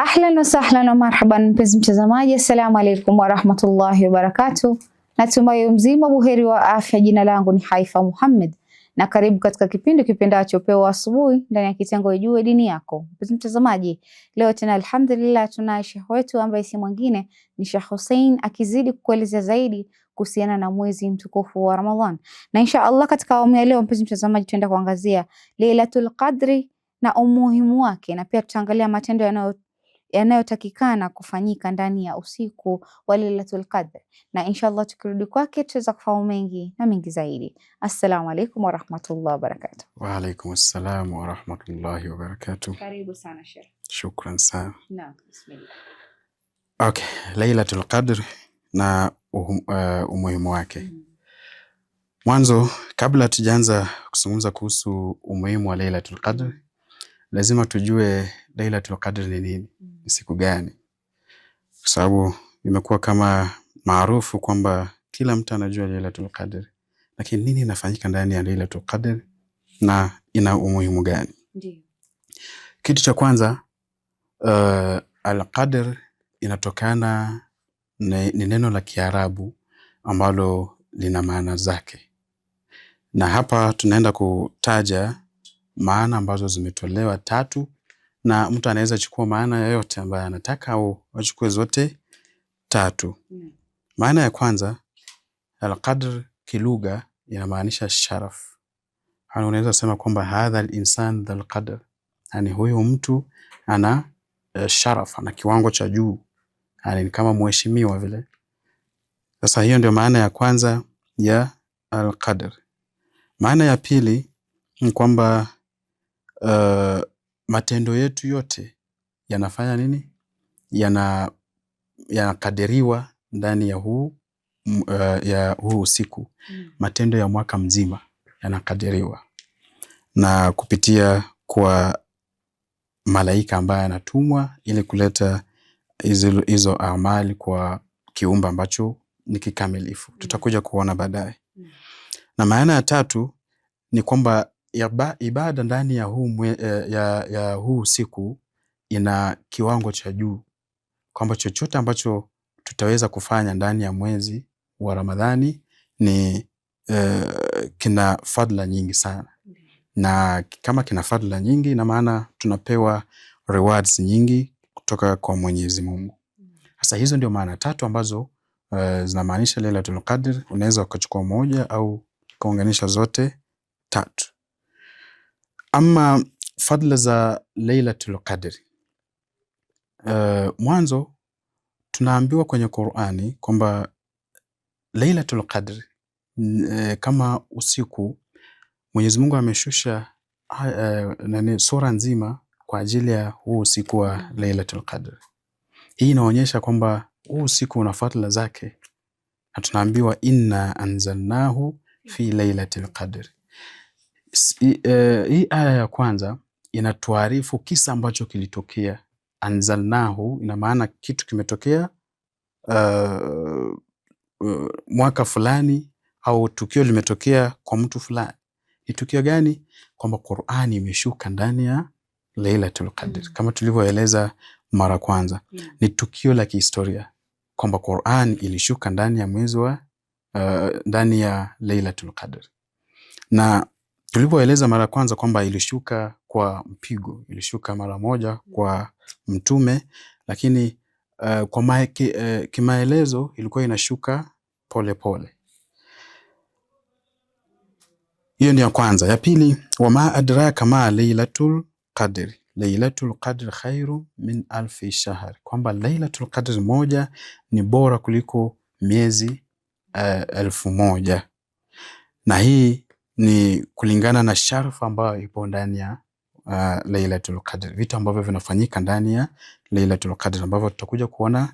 Ahlan wasahlan wa marhaban, mpenzi mtazamaji, assalamu alaikum warahmatullahi wabarakatu Natumai mzima buheri wa afya. Jina langu ni Haifa Muhammad na karibu katika kipindi kipendacho Upeo wa Asubuhi ndani ya kitengo Ijue Dini Yako. Mpenzi mtazamaji, leo tena alhamdulillah, tunaye shekh wetu ambaye si mwingine ni Shekh Hussein akizidi kukuelezea zaidi kuhusiana na mwezi mtukufu wa Ramadhan, na insha Allah katika awamu ya leo, mpenzi mtazamaji, tutaenda kuangazia Lailatul Qadri na umuhimu wake, na pia tutaangalia matendo yanayo yanayotakikana kufanyika ndani ya usiku wa Lailatul Qadr, na inshallah tukirudi kwake tutaweza kufahamu mengi na mengi zaidi. Assalamu alaikum warahmatullahi wabarakatuh. Wa alaikum assalam warahmatullahi wabarakatuh. Karibu sana Sheikh. Shukran sana. Na, bismillah. Okay, Lailatul Qadr na uh, umuhimu wake mm. Mwanzo, kabla tujaanza kuzungumza kuhusu umuhimu wa Lailatul Qadr, lazima tujue Lailatul Qadr ni nini? Mm. Ni siku gani? Kwa sababu imekuwa kama maarufu kwamba kila mtu anajua Lailatul Qadr, lakini nini inafanyika ndani ya Lailatul Qadr na ina umuhimu gani? Ndiyo. Kitu cha kwanza uh, al-Qadr inatokana ni neno la Kiarabu ambalo lina maana zake, na hapa tunaenda kutaja maana ambazo zimetolewa tatu na mtu anaweza chukua maana yoyote ambayo anataka au achukue zote tatu. Maana ya kwanza, alqadr kilugha inamaanisha sharaf. Yaani unaweza sema kwamba hadha alinsan dhal qadr, yani huyu mtu ana uh, sharaf, ana kiwango cha juu, yani ni kama mheshimiwa vile. Sasa hiyo ndio maana ya kwanza ya alqadr. Maana ya pili ni kwamba uh, matendo yetu yote yanafanya nini? Yana yanakadiriwa ndani ya huu uh, ya huu usiku mm. Matendo ya mwaka mzima yanakadiriwa na kupitia kwa malaika ambaye anatumwa ili kuleta hizo, hizo amali kwa kiumba ambacho ni kikamilifu mm. Tutakuja kuona baadaye mm. Na maana ya tatu ni kwamba ibada ndani ya huu, eh, ya, ya huu siku ina kiwango cha juu kwamba chochote ambacho tutaweza kufanya ndani ya mwezi wa Ramadhani ni uh, kina fadla nyingi sana, na kama kina fadla nyingi, ina maana tunapewa rewards nyingi kutoka kwa Mwenyezi Mungu. Sasa hizo ndio maana tatu ambazo uh, zinamaanisha Lailatul Qadr. Unaweza ukachukua moja au kaunganisha zote tatu. Ama fadhila za Lailatul Qadri, uh, eh, mwanzo tunaambiwa kwenye Qur'ani kwamba Lailatul Qadri e, eh, kama usiku Mwenyezi Mungu ameshusha uh, nani sura nzima kwa ajili ya huu usiku wa Lailatul Qadri. Hii inaonyesha kwamba huu usiku una fadhila zake, na tunaambiwa inna anzalnahu fi Lailatul Qadri E, hii aya ya kwanza inatuarifu kisa ambacho kilitokea. Anzalnahu ina maana kitu kimetokea uh, uh, mwaka fulani au tukio limetokea kwa mtu fulani. Ni tukio gani? Kwamba Qur'ani imeshuka ndani ya Lailatul Qadr mm. Kama tulivyoeleza mara kwanza mm. Ni tukio la kihistoria kwamba Qur'ani ilishuka ndani ya mwezi wa uh, ndani ya Lailatul Qadr na Tulipoeleza mara ya kwanza kwamba ilishuka kwa mpigo, ilishuka mara moja kwa Mtume, lakini uh, kwa ki, uh, kimaelezo ilikuwa inashuka polepole pole. Hiyo ni ya kwanza. Ya pili, wama adraka ma lailatul qadri lailatul qadri khairu min alfi shahr, kwamba lailatul qadri moja ni bora kuliko miezi uh, elfu moja na hii ni kulingana na sharfa ambayo ipo ndani ya uh, Lailatul Qadr, vitu ambavyo vinafanyika ndani ya Lailatul Qadr ambavyo tutakuja kuona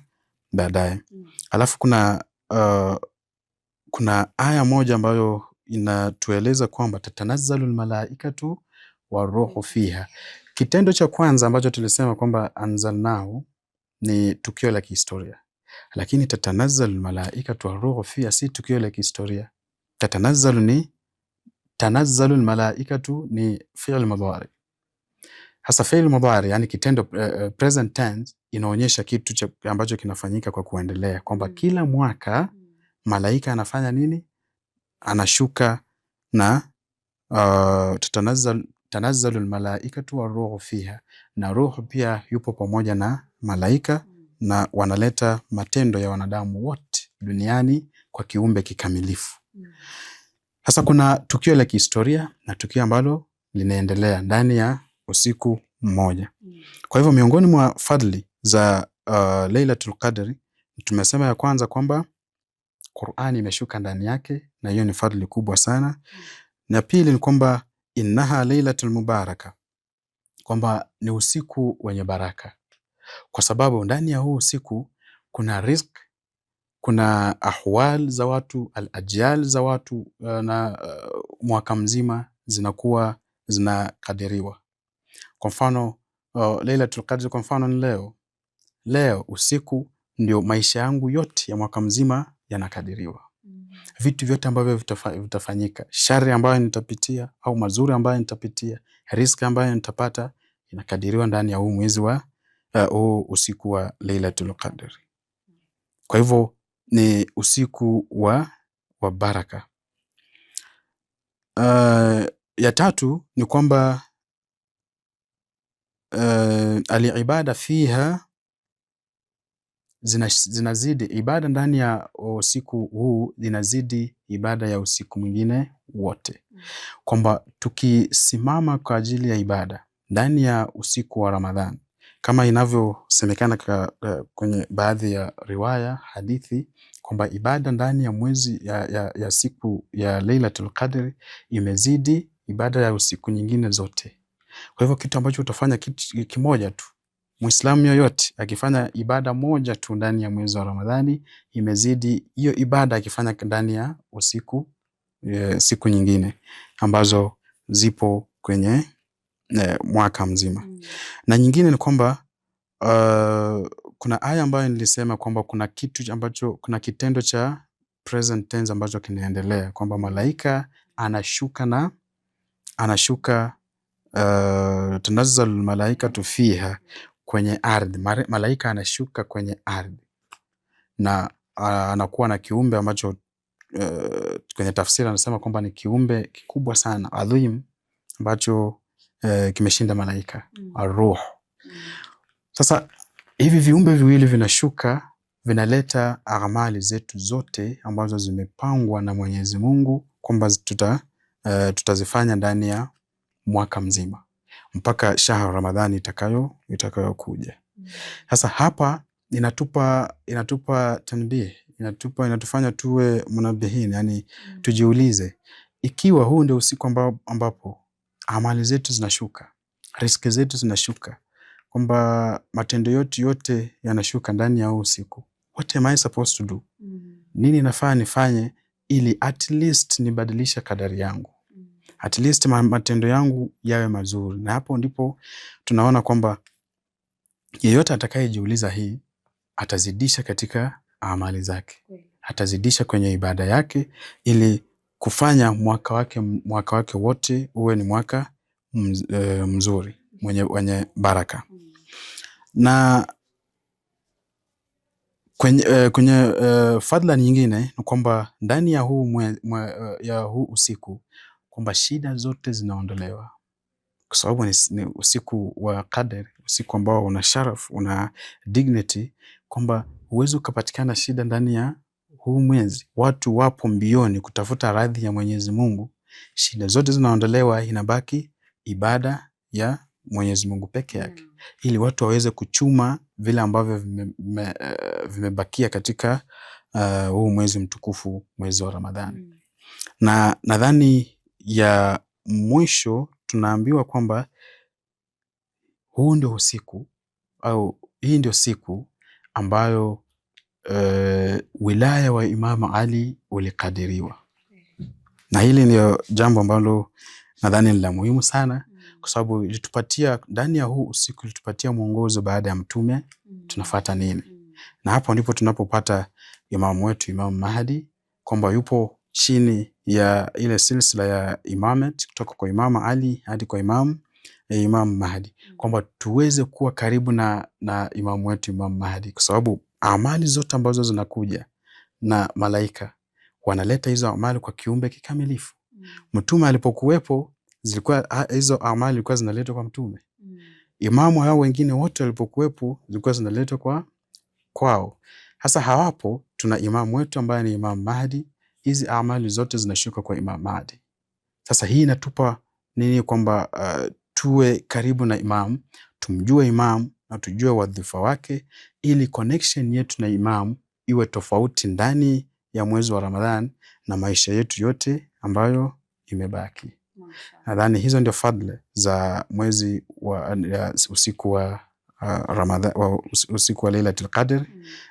baadaye. Mm. Alafu kuna uh, kuna aya moja ambayo inatueleza kwamba tatanazzalul malaikatu waruhu fiha. Kitendo cha kwanza ambacho tulisema kwamba anzalnahu ni tukio la kihistoria, lakini tatanazzalul malaikatu waruhu fiha si tukio la kihistoria. Tatanazzalu ni Tanazzalu almalaikatu ni fi'l mudhari. Hasa fi'l mudhari, yani kitendo uh, present tense inaonyesha kitu cha, ambacho kinafanyika kwa kuendelea kwamba mm. kila mwaka mm. malaika anafanya nini? Anashuka na uh, ah, tanazzal tanazzalu almalaikatu waruhu fiha, na ruhu pia yupo pamoja na malaika mm. na wanaleta matendo ya wanadamu wote duniani kwa kiumbe kikamilifu mm. Sasa kuna tukio la kihistoria na tukio ambalo linaendelea ndani ya usiku mmoja. Kwa hivyo miongoni mwa fadhili za uh, Lailatul Qadri tumesema ya kwanza kwamba Qur'ani imeshuka ndani yake, na hiyo ni fadhili kubwa sana. Na pili ni kwamba innaha lailatul mubaraka, kwamba ni usiku wenye baraka, kwa sababu ndani ya huu usiku kuna riziki kuna ahwal za watu, alajal za watu eh, na uh, mwaka mzima zinakuwa zinakadiriwa. Kwa mfano uh, eh, Lailatul Qadr kwa mfano ni leo, leo usiku ndio maisha yangu yote ya mwaka mzima yanakadiriwa mm-hmm. vitu vyote ambavyo vitafanyika, shari ambayo nitapitia au mazuri ambayo nitapitia, riski ambayo nitapata inakadiriwa ndani ya huu mwezi wa uh, usiku wa Lailatul Qadr. Kwa hivyo ni usiku wa, wa baraka. Uh, ya tatu ni kwamba uh, ee, ibada fiha zinazidi ibada ndani ya usiku huu zinazidi ibada ya usiku mwingine wote, mm. kwamba tukisimama kwa ajili ya ibada ndani ya usiku wa Ramadhani kama inavyosemekana kwenye baadhi ya riwaya hadithi kwamba ibada ndani ya mwezi ya, ya, ya siku ya Lailatul Qadr imezidi ibada ya usiku nyingine zote. Kwa hivyo kitu ambacho utafanya kitu kimoja tu, Muislamu yoyote akifanya ibada moja tu ndani ya mwezi wa Ramadhani imezidi hiyo ibada akifanya ndani ya usiku ya eh, siku nyingine ambazo zipo kwenye eh, mwaka mzima mm. Na nyingine ni kwamba uh, kuna aya ambayo nilisema kwamba kuna kitu ambacho kuna kitendo cha present tense ambacho kinaendelea kwamba malaika anashuka na anashuka uh, tunazal malaika tufiha kwenye ardhi. Malaika anashuka kwenye ardhi na uh, anakuwa na kiumbe ambacho uh, kwenye tafsiri anasema kwamba ni kiumbe kikubwa sana adhim ambacho Eh, kimeshinda malaika mm. aruh mm. Sasa hivi viumbe viwili vinashuka vinaleta amali zetu zote ambazo zimepangwa na Mwenyezi Mungu kwamba tuta, uh, tutazifanya ndani ya mwaka mzima mpaka shahar Ramadhani itakayo itakayokuja. Mm. Sasa hapa inatupa inatupa tanbih, inatupa inatufanya tuwe munabihin, yani mm. tujiulize ikiwa huu ndio usiku ambapo amali zetu zinashuka, riski zetu zinashuka, kwamba matendo yote yote yanashuka ndani ya huu usiku. What am I supposed to do? Mm. Nini nafaa nifanye ili at least nibadilisha kadari yangu, mm-hmm. at least matendo yangu yawe mazuri. Na hapo ndipo tunaona kwamba yeyote atakayejiuliza hii atazidisha katika amali zake, atazidisha kwenye ibada yake ili kufanya mwaka wake, mwaka wake wote uwe ni mwaka e, mzuri mwenye, wenye baraka na kwenye, e, kwenye uh, fadhila nyingine ni kwamba ndani ya huu, mwe, mwe, ya huu usiku kwamba shida zote zinaondolewa kwa sababu ni, ni usiku wa qadari, usiku ambao una sharaf, una dignity, kwamba huwezi ukapatikana shida ndani ya huu mwezi watu wapo mbioni kutafuta radhi ya Mwenyezi Mungu, shida zote zinaondolewa, inabaki ibada ya Mwenyezi Mungu peke yake mm. ili watu waweze kuchuma vile ambavyo eh, vimebakia vime katika uh, huu mwezi mtukufu, mwezi wa Ramadhani mm. na nadhani ya mwisho tunaambiwa kwamba huu ndio usiku au hii ndio siku ambayo uh, wilaya wa Imamu Ali ulikadiriwa, na hili ndio jambo ambalo nadhani ni la muhimu sana mm. kwa sababu ilitupatia ndani ya huu usiku ilitupatia mwongozo baada ya mtume mm. tunafata nini, mm. na hapo ndipo tunapopata imamu wetu Imamu Mahdi kwamba yupo chini ya ile silsila ya imamet kutoka kwa Imamu Ali hadi kwa Imamu eh, Imamu Mahdi, kwamba tuweze kuwa karibu na, na imamu wetu Imamu Mahdi kwa sababu amali zote ambazo zinakuja na malaika wanaleta hizo amali kwa kiumbe kikamilifu. Mm. Mtume alipokuwepo zilikuwa hizo amali zilikuwa zinaletwa kwa mtume mm. Imamu hao wengine wote walipokuwepo zilikuwa zinaletwa kwa kwao. Hasa hawapo, tuna imamu wetu ambaye ni Imam Mahdi, hizi amali zote zinashuka kwa Imam Mahdi. Sasa hii inatupa nini? Kwamba uh, tuwe karibu na imamu, tumjue imamu na tujue wadhifa wake, ili connection yetu na imamu iwe tofauti ndani ya mwezi wa ramadhan na maisha yetu yote ambayo imebaki. Nadhani hizo ndio fadhila za mwezi wa uh, usiku wa Uh, Ramadhan, wa usiku wa Lailatul Qadr mm.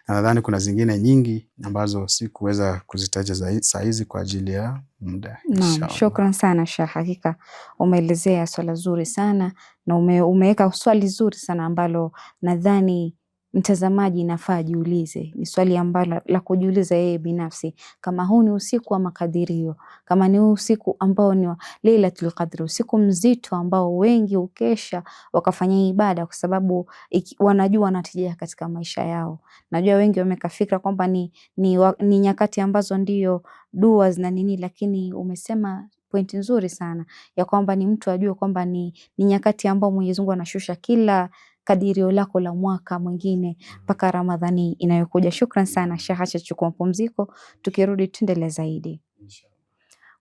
Nadhani kuna zingine nyingi ambazo sikuweza kuzitaja saa hizi kwa ajili ya muda. Naam, shukran sana Shah, hakika umeelezea swala zuri sana na ume, umeweka swali zuri sana ambalo nadhani mtazamaji inafaa ajiulize, ni swali ambalo la kujiuliza yeye binafsi, kama huu ni usiku wa makadirio, kama ni usiku ambao ni wa Lailatul Qadr, usiku mzito ambao wengi ukesha wakafanya ibada, kwa sababu wanajua natija katika maisha yao. Najua wengi wameka fikra kwamba ni, ni, ni nyakati ambazo ndio dua zina nini, lakini umesema pointi nzuri sana ya kwamba ni mtu ajue kwamba ni, ni nyakati ambao Mwenyezi Mungu anashusha kila kadirio lako la mwaka mwingine mpaka Ramadhani inayokuja. Shukran sana Sheikh, chukua mpumziko, tukirudi tuendelee zaidi.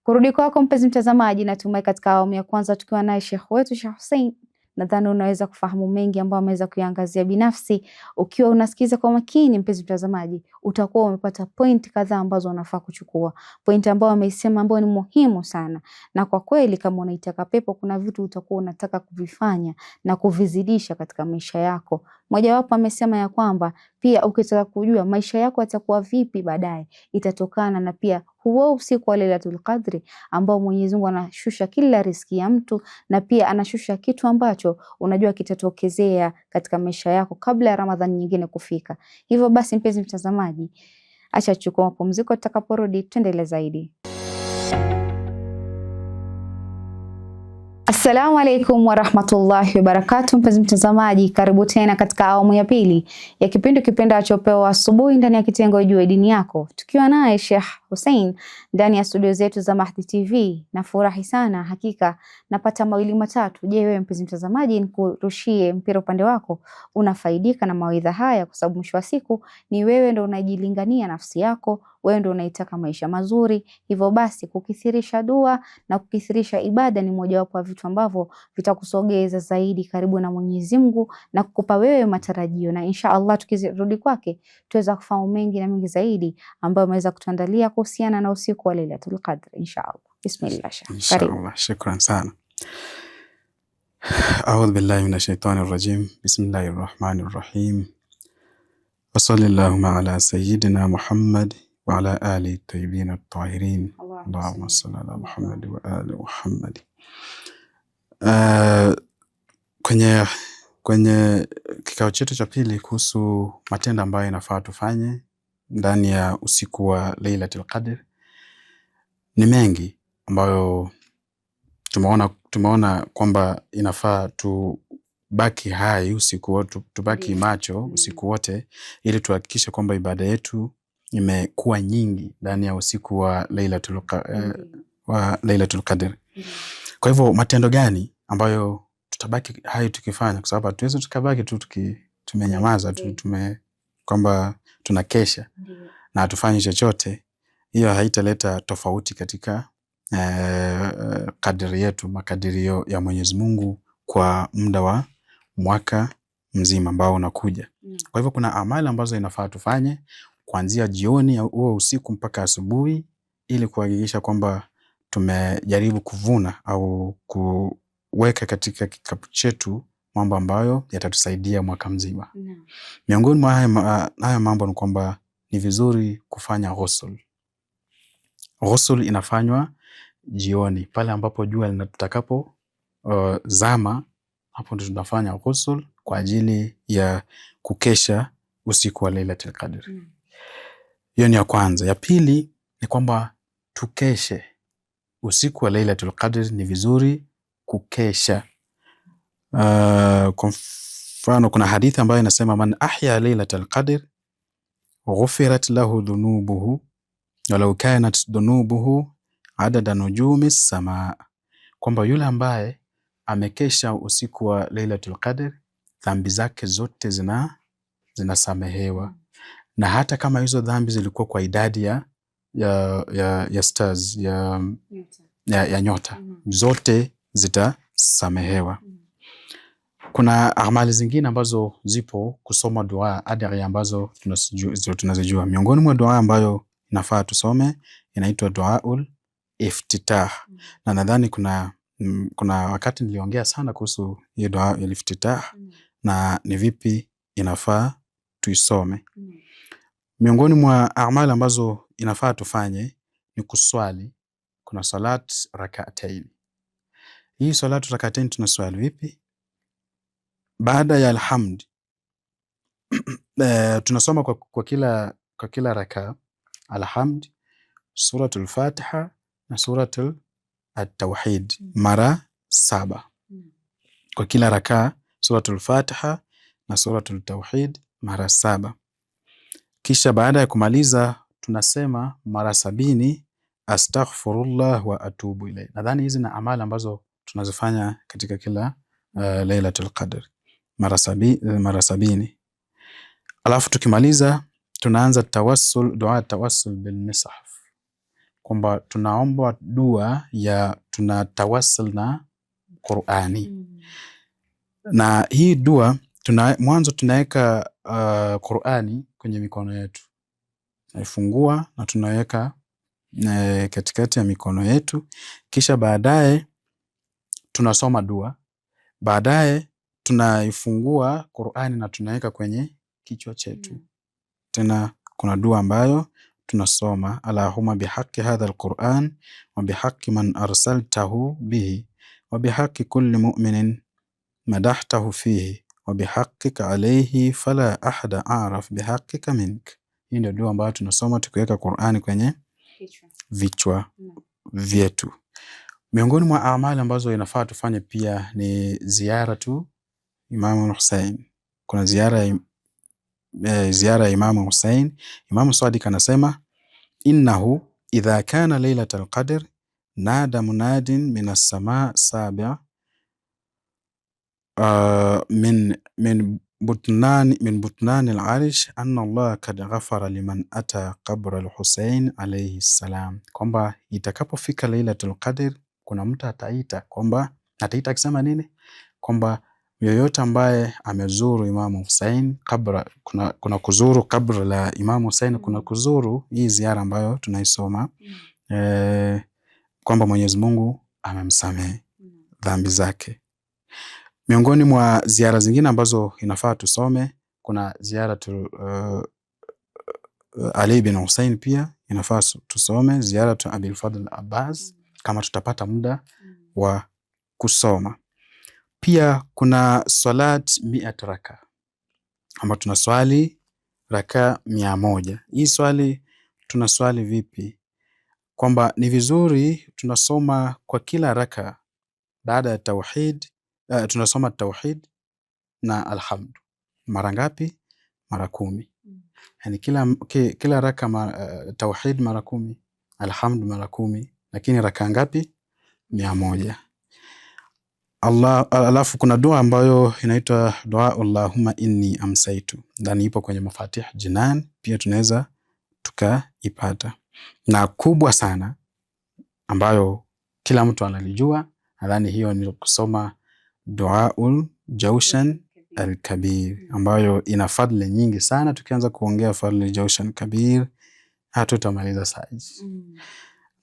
Kurudi kwako mpenzi mtazamaji, natumai katika awamu ya kwanza tukiwa naye Sheikh wetu Shekh Hussein nadhani unaweza kufahamu mengi ambayo ameweza kuyaangazia. Binafsi ukiwa unasikiza kwa makini, mpenzi mtazamaji, utakuwa umepata point kadhaa ambazo unafaa kuchukua, point ambayo ameisema ambayo ni muhimu sana, na kwa kweli kama unaitaka pepo, kuna vitu utakuwa unataka kuvifanya na kuvizidisha katika maisha yako. Mojawapo amesema ya kwamba pia ukitaka kujua maisha yako yatakuwa vipi baadaye, itatokana na pia huo usiku wa Lailatul Qadri ambao Mwenyezi Mungu anashusha kila riski ya mtu, na pia anashusha kitu ambacho unajua kitatokezea katika maisha yako kabla ya Ramadhani nyingine kufika. Hivyo basi, mpenzi mtazamaji, acha chukua mapumziko, tutakaporudi tuendelee zaidi. Assalamu alaikum warahmatullahi wabarakatu, mpenzi mtazamaji, karibu tena katika awamu ya pili ya kipindi kipenda achopewa asubuhi ndani ya kitengo jua Dini Yako, tukiwa naye Sheikh Hussein ndani ya studio zetu za Mahdi TV. Nafurahi sana hakika, napata mawili matatu. Je, wewe mpenzi mtazamaji, nikurushie mpira upande wako, unafaidika na mawaidha haya? Kwa sababu mwisho wa siku ni wewe ndo unajilingania nafsi yako, wewe ndo unaitaka maisha mazuri. Hivyo basi kukithirisha dua na kukithirisha ibada ni mojawapo ya vitu ambavyo vitakusogeza zaidi karibu na Mwenyezi Mungu na kukupa wewe matarajio, na insha Allah tukirudi kwake tuweza kufahamu mengi na mengi zaidi ambayo ameweza kutuandalia kwa kuhusiana na usiku wa Lailatul Qadr inshaallah. Bismillah, inshallah. Shukran sana. Audhu billahi minash shaitani rajim. Bismillahi rahmani rahim. Wasalli llahuma ala sayidina Muhammad wa ala ali tayyibin tahirin. Allahumma salli ala Muhammad wa ali Muhammad. Uh, kwenye kwenye kikao chetu cha pili kuhusu matendo ambayo inafaa tufanye ndani ya usiku wa Lailatul Qadr ni mengi ambayo tumeona tumeona kwamba inafaa tubaki hai usiku wote, tubaki macho usiku mm. wote, ili tuhakikishe kwamba ibada yetu imekuwa nyingi ndani ya usiku wa Lailatul eh, mm. wa Lailatul Qadr. Mm. Kwa hivyo matendo gani ambayo tutabaki hai tukifanya, kwa sababu hatuwezi tukabaki tu tumenyamaza tu tume kwamba tunakesha Ndiyo. na hatufanyi chochote, hiyo haitaleta tofauti katika eh, kadiri yetu, makadirio ya Mwenyezi Mungu kwa muda wa mwaka mzima ambao unakuja. Mm. Kwa hivyo kuna amali ambazo inafaa tufanye kuanzia jioni huo usiku mpaka asubuhi ili kuhakikisha kwamba tumejaribu kuvuna au kuweka katika kikapu chetu mambo ambayo yatatusaidia mwaka mzima. Miongoni mwa haya mambo ni kwamba ni vizuri kufanya ghusl. Ghusl inafanywa jioni pale ambapo jua linatutakapo uh, zama, hapo ndio tunafanya ghusl kwa ajili ya kukesha usiku wa Lailatul Qadr. Mm. Hiyo ni ya kwanza. Ya pili ni kwamba tukeshe usiku wa Lailatul Qadr, ni vizuri kukesha Uh, kwa mfano kuna hadithi ambayo inasema man ahya lailatal qadr ghufirat lahu dhunubuhu walau kanat dhunubuhu adada nujumi samaa, kwamba yule ambaye amekesha usiku wa lailatul qadr dhambi zake zote zina zinasamehewa na hata kama hizo dhambi zilikuwa kwa idadi ya ya ya, ya stars ya nyota, ya, ya nyota. Mm-hmm. Zote zitasamehewa. Mm -hmm kuna amali zingine ambazo zipo kusoma dua adari ambazo tunazijua. Miongoni mwa dua ambayo inafaa tusome inaitwa duaul iftitah, na nadhani kuna mm, kuna wakati niliongea sana kuhusu hiyo dua ya iftitah mm. na ni vipi inafaa tuisome mm. Miongoni mwa amali ambazo inafaa tufanye ni kuswali. Kuna salat rakatain. Hii salat rakatain tunaswali vipi? Baada ya alhamd e, tunasoma kwa, kwa kila, kwa kila rakaa alhamd suratul Fatiha na suratul Tauhid mm. mara saba mm. kwa kila rakaa, suratul Fatiha na suratul Tauhid mara saba. Kisha baada ya kumaliza tunasema mara sabini astaghfirullah wa atubu ilayh Nadhani hizi na amali ambazo tunazifanya katika kila uh, eh, Lailatul Qadr mara sabi, eh, mara sabini. Alafu tukimaliza tunaanza tawassul, dua tawassul bil mishaf, kwamba tunaomba dua ya tunatawassul na Qur'ani hmm. na hii dua tuna, mwanzo tunaweka uh, Qur'ani kwenye mikono yetu, naifungua na tunaweka uh, katikati ya mikono yetu, kisha baadaye tunasoma dua, baadaye tunaifungua Qur'ani na tunaweka kwenye kichwa chetu mm. Tena kuna dua ambayo tunasoma allahumma bihaqi hadha alquran wa bihaqi man arsaltahu bihi wa bihaqi kulli mu'minin madahtahu fihi wa bihaqika alayhi fala ahada araf bihaqika mink. Hii ndio dua ambayo tunasoma tukiweka Qur'ani kwenye kichwa. vichwa hmm. vyetu. Miongoni mwa amali ambazo inafaa tufanye pia ni ziara tu Imamu Hussein. Kuna ziara ya e, ziara ya Imamu Hussein. Imamu Sadiq anasema innahu idha kana lailatul qadr nada munadin min as-samaa sabia uh, min min butnan min butnan al arsh anna Allah kad ghafara liman ata qabra al hussein alayhi salam, kwamba itakapofika lailatul qadr kuna mtu ataita kwamba ataita akisema nini? Kwamba yoyote ambaye amezuru Imamu Hussein kabra, kuna, kuna kuzuru kabra la imam Hussein, mm-hmm. kuna kuzuru hii ziara ambayo tunaisoma e, kwamba Mwenyezi Mungu amemsamehe mm-hmm. dhambi zake. Miongoni mwa ziara zingine ambazo inafaa tusome kuna ziara tu, uh, Ali bin Hussein pia inafaa tusome ziara tu Abil Fadl Abbas kama tutapata muda wa kusoma. Pia kuna salat mia raka tuna swali raka mia moja. Hii swali tunaswali vipi? Kwamba ni vizuri tunasoma kwa kila raka baada ya tauhid uh, tunasoma tauhid na alhamdu mara ngapi? Mara kumi. Yani kila, kila raka ma, uh, tauhid mara kumi, alhamdu mara kumi, lakini raka ngapi? Mia moja. Allah, alafu kuna dua ambayo inaitwa dua Allahumma inni amsaitu, ndani ipo kwenye Mafatih Jinan, pia tunaweza tukaipata, na kubwa sana ambayo kila mtu analijua, nadhani hiyo ni kusoma duaul Jaushan alkabir, ambayo ina fadhili nyingi sana. Tukianza kuongea fadhili Jaushan Kabir hatutamaliza saa hizi, mm.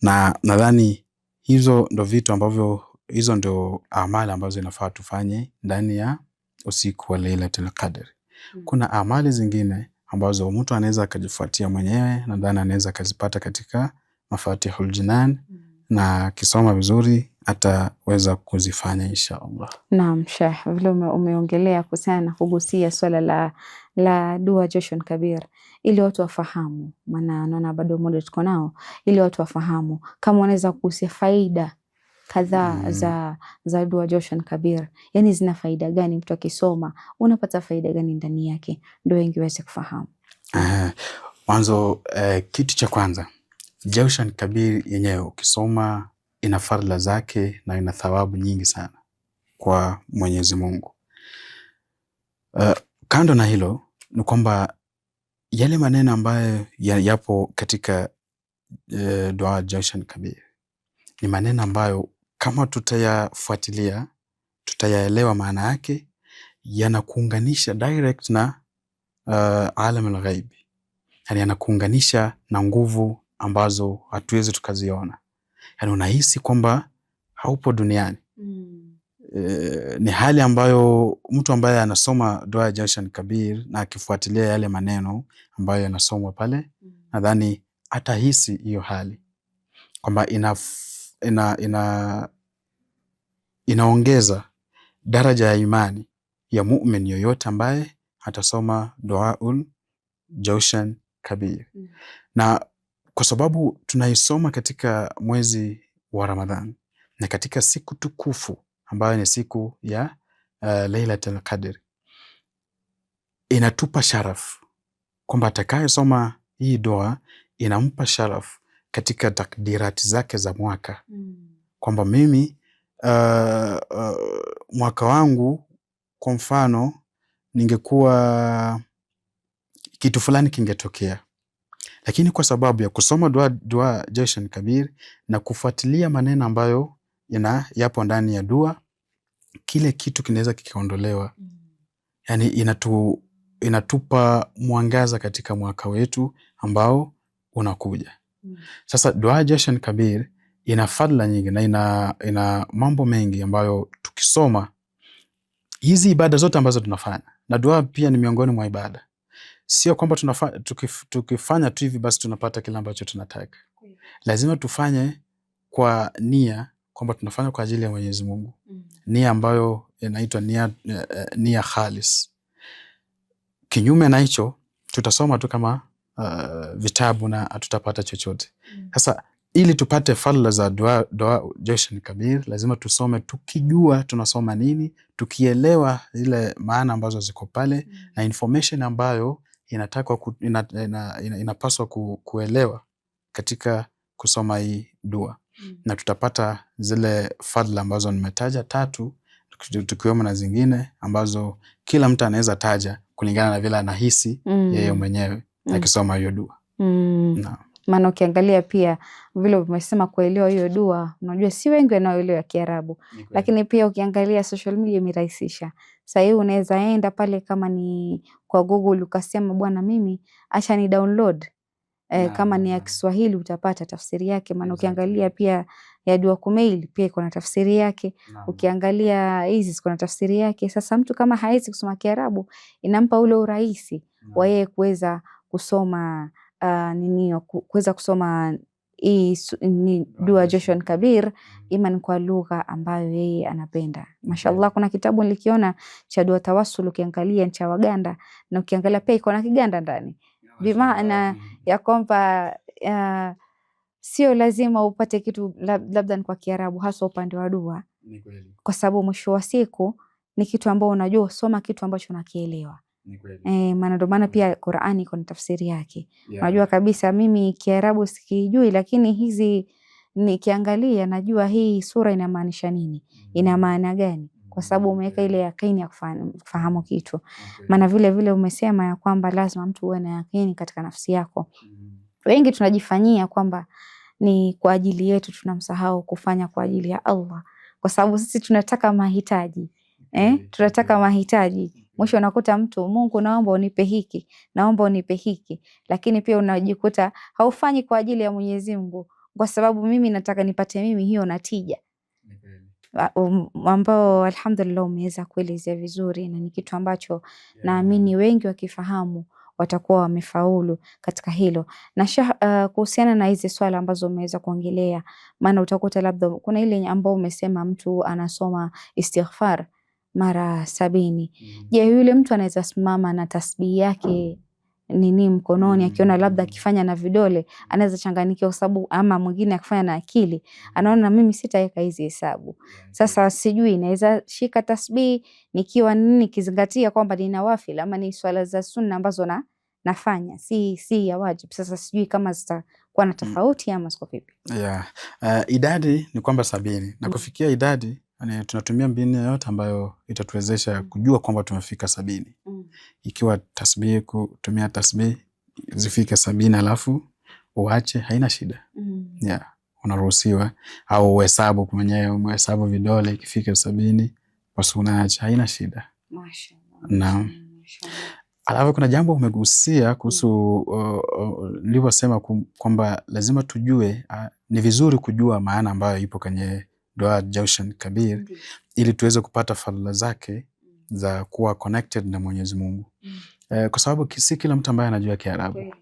na nadhani hizo ndo vitu ambavyo hizo ndio amali ambazo inafaa tufanye ndani ya usiku wa Lailatul Qadr. Mm. Kuna amali zingine ambazo mtu anaweza akajifuatia mwenyewe, nadhani anaweza akazipata katika Mafatihul Jinan mm. na akisoma vizuri ataweza kuzifanya insha Allah. Naam, Sheikh, vile umeongelea kuhusiana na kugusia swala la, la dua Joshon Kabir ili watu wafahamu, maana naona bado muda tuko nao, ili watu wafahamu kama wanaweza kugusia faida kadhaa mm. za, za dua Joshan Kabir, yani zina faida gani? Mtu akisoma unapata faida gani ndani yake? ndo wengi waweze kufahamu mwanzo. uh, kitu cha kwanza Joshan Kabir yenyewe ukisoma ina fadhila zake na ina thawabu nyingi sana kwa Mwenyezi Mungu. Uh, kando na hilo ni kwamba yale maneno ambayo yapo katika uh, dua Joshan Kabir ni maneno ambayo kama tutayafuatilia, tutayaelewa maana yake, yanakuunganisha direct na uh, alam alghaibi, yani yanakuunganisha na nguvu ambazo hatuwezi tukaziona, yani unahisi kwamba haupo duniani mm. E, ni hali ambayo mtu ambaye anasoma dua ya jashan Kabir na akifuatilia yale maneno ambayo yanasomwa pale mm. nadhani atahisi hiyo hali kwamba ina ina, ina, inaongeza daraja ya imani ya mumin yoyote ambaye atasoma duaul jaushan kabir mm. Na kwa sababu tunaisoma katika mwezi wa Ramadhan na katika siku tukufu ambayo ni siku ya uh, eh, leilat lqadir inatupa sharafu kwamba atakayesoma hii doa inampa sharafu katika takdirati zake za mwaka mm. kwamba mimi uh, uh, mwaka wangu kwa mfano ningekuwa kitu fulani kingetokea, lakini kwa sababu ya kusoma dua, dua Jason Kabir na kufuatilia maneno ambayo ina yapo ndani ya dua, kile kitu kinaweza kikaondolewa. mm. Yani inatu, inatupa mwangaza katika mwaka wetu ambao unakuja. Sasa dua Jashan Kabir ina fadhila nyingi na ina, ina mambo mengi ambayo tukisoma hizi ibada zote ambazo tunafanya, na dua pia ni miongoni mwa ibada. Sio kwamba tukif, tukifanya tu hivi basi tunapata kile ambacho tunataka. Lazima tufanye kwa nia kwamba tunafanya kwa ajili ya Mwenyezi Mungu, mm. nia ambayo inaitwa nia, eh, nia khalis. Kinyume na hicho tutasoma tu kama uh, vitabu na hatutapata chochote. Mm. Sasa ili tupate fadhila za dua, dua Joshan Kabir lazima tusome tukijua tunasoma nini, tukielewa zile maana ambazo ziko pale mm. na information ambayo inatakwa ku, ina, ina, ina, inapaswa ku, kuelewa katika kusoma hii dua mm. na tutapata zile fadhila ambazo nimetaja tatu, tukiwemo na zingine ambazo kila mtu anaweza taja kulingana na vile anahisi mm. yeye mwenyewe akisoma mm. hiyo dua mm. Maana ukiangalia pia vile umesema kuelewa hiyo dua, unajua si wengi wanaoelewa Kiarabu, lakini pia ukiangalia social media imerahisisha. Sasa hivi unaweza enda pale kama ni kwa Google ukasema bwana, mimi acha ni download e, kama ni ya Kiswahili utapata tafsiri yake, maana ukiangalia pia ya dua kumail pia iko na tafsiri yake. na, Ukiangalia hizi ziko na tafsiri yake. Sasa mtu kama hawezi kusoma Kiarabu, inampa ule urahisi wa yeye kuweza kusoma uh, ah, ninio kuweza kusoma hii ni dua Joshua Kabir mm. ima ni kwa lugha ambayo yeye anapenda. Mashallah, kuna kitabu nilikiona cha dua tawasul, ukiangalia cha Waganda na ukiangalia pia iko na Kiganda ndani, bimaana mm. ya kwamba uh, sio lazima upate kitu labda ni kwa Kiarabu, hasa upande wa dua, kwa sababu mwisho wa siku ni kitu ambao unajua, soma kitu ambacho unakielewa. E, maana ndo maana mm. pia Qur'ani iko na tafsiri yake yeah. Unajua kabisa mimi Kiarabu sikijui, lakini hizi nikiangalia najua hii sura inamaanisha nini, mm. ina maana gani, kwa mm. sababu umeweka ile yakini ya kufahamu kitu okay. Maana vile vile umesema ya kwamba lazima mtu uwe na yakini katika nafsi yako mm. Wengi tunajifanyia kwamba ni kwa ajili yetu, tunamsahau kufanya kwa ajili ya Allah, kwa sababu sisi tunataka mahitaji eh? Tunataka mahitaji Mwisho unakuta mtu, Mungu, naomba unipe hiki, naomba unipe hiki, lakini pia unajikuta haufanyi kwa ajili ya Mwenyezi Mungu, kwa sababu mimi nataka nipate mimi hiyo natija um, ambao alhamdulillah umeweza kuelezea vizuri, na ni kitu ambacho yeah, naamini wengi wakifahamu watakuwa wamefaulu katika hilo. Na uh, kuhusiana na hizi swala ambazo umeweza kuongelea, maana utakuta labda kuna ile ambao umesema mtu anasoma istighfar yeah, mara sabini. Mm-hmm. Je, mm. yule mtu anaweza simama na tasbihi yake nini mkononi mm-hmm. akiona labda akifanya na vidole anaweza changanikiwa, kwa sababu ama mwingine akifanya na akili mm-hmm. anaona mimi sitaweka hizi hesabu. Sasa sijui naweza shika tasbihi nikiwa nini, nikizingatia kwamba nina wafila ama ni swala za sunna ambazo na nafanya si si ya wajibu. Sasa sijui kama zitakuwa na mm. tofauti ama siko vipi? Yeah. Uh, idadi ni kwamba sabini na mm. kufikia idadi Yani, tunatumia mbinu yoyote ambayo itatuwezesha mm. kujua kwamba tumefika sabini. Mm. Ikiwa tasbihi, kutumia tasbihi zifike sabini alafu uache, haina shida mm. yeah, unaruhusiwa. Au uhesabu mwenyewe, umehesabu vidole, ikifika sabini basi unaacha, haina shida. Naam. Alafu kuna jambo umegusia kuhusu mm. uh, uh, kwamba lazima tujue uh, ni vizuri kujua maana ambayo ipo kwenye Dua Jaushan Kabir mm ili tuweze kupata fadhila zake za kuwa connected na Mwenyezi Mungu mm eh, kwa sababu si kila mtu ambaye anajua Kiarabu okay.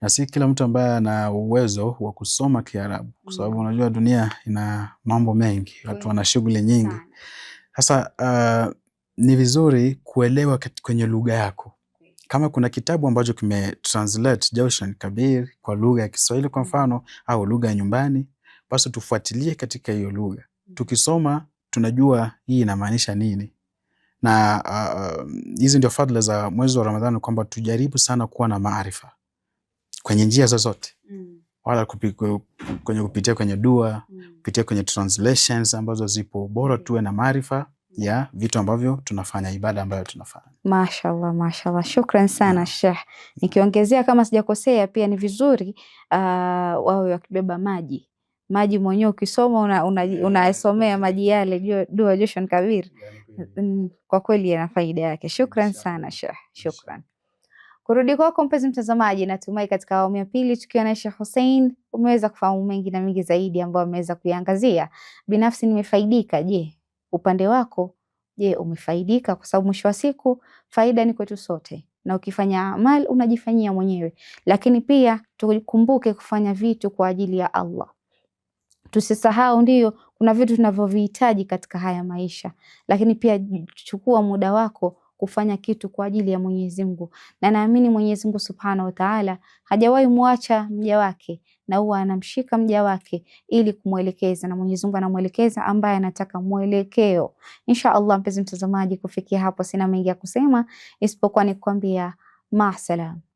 na si kila mtu ambaye ana uwezo wa kusoma Kiarabu kwa mm. sababu mm unajua dunia ina mambo mengi watu wana shughuli nyingi sasa uh, ni vizuri kuelewa kwenye lugha yako kama kuna kitabu ambacho kime translate Jaushan Kabir kwa lugha ya Kiswahili kwa mm. mfano, au lugha ya nyumbani, basi tufuatilie katika hiyo lugha tukisoma tunajua hii inamaanisha nini. Na ah, ah, hizi uh, ndio fadhila za mwezi wa Ramadhani kwamba tujaribu sana kuwa na maarifa kwenye njia zozote mm. wala kupi, kwenye kupitia kwenye dua mm. kupitia kwenye translations ambazo zipo, bora tuwe na maarifa mm. ya vitu ambavyo tunafanya, ibada ambayo tunafanya. Mashallah, mashallah, shukran sana yeah. Sheikh, nikiongezea kama sijakosea pia ni vizuri uh, wawe wakibeba maji maji mwenyewe ukisoma unayasomea una, una eh, eh. maji yale dua Joshon Kabir kwa kweli yana faida yake. Shukran sana Sheikh, shukran kurudi kwako mpenzi mtazamaji. Natumai katika awamu ya pili tukiwa na Sheikh Hussein umeweza kufahamu mengi na mingi zaidi ambayo ameweza kuyaangazia. Binafsi nimefaidika. Je, upande wako je, umefaidika? Kwa sababu mwisho wa siku faida ni kwetu sote, na ukifanya amali unajifanyia mwenyewe, lakini pia tukumbuke kufanya vitu kwa ajili ya Allah Tusisahau, ndio kuna vitu tunavyovihitaji katika haya maisha, lakini pia chukua muda wako kufanya kitu kwa ajili ya Mwenyezi Mungu, na naamini Mwenyezi Mungu Subhanahu wa Ta'ala hajawahi muacha mja wake, na huwa anamshika mja wake ili kumwelekeza, na Mwenyezi Mungu anamwelekeza ambaye anataka mwelekeo. Insha Allah, mpenzi mtazamaji, kufikia hapo sina mengi ya kusema isipokuwa ni kukwambia maasalam.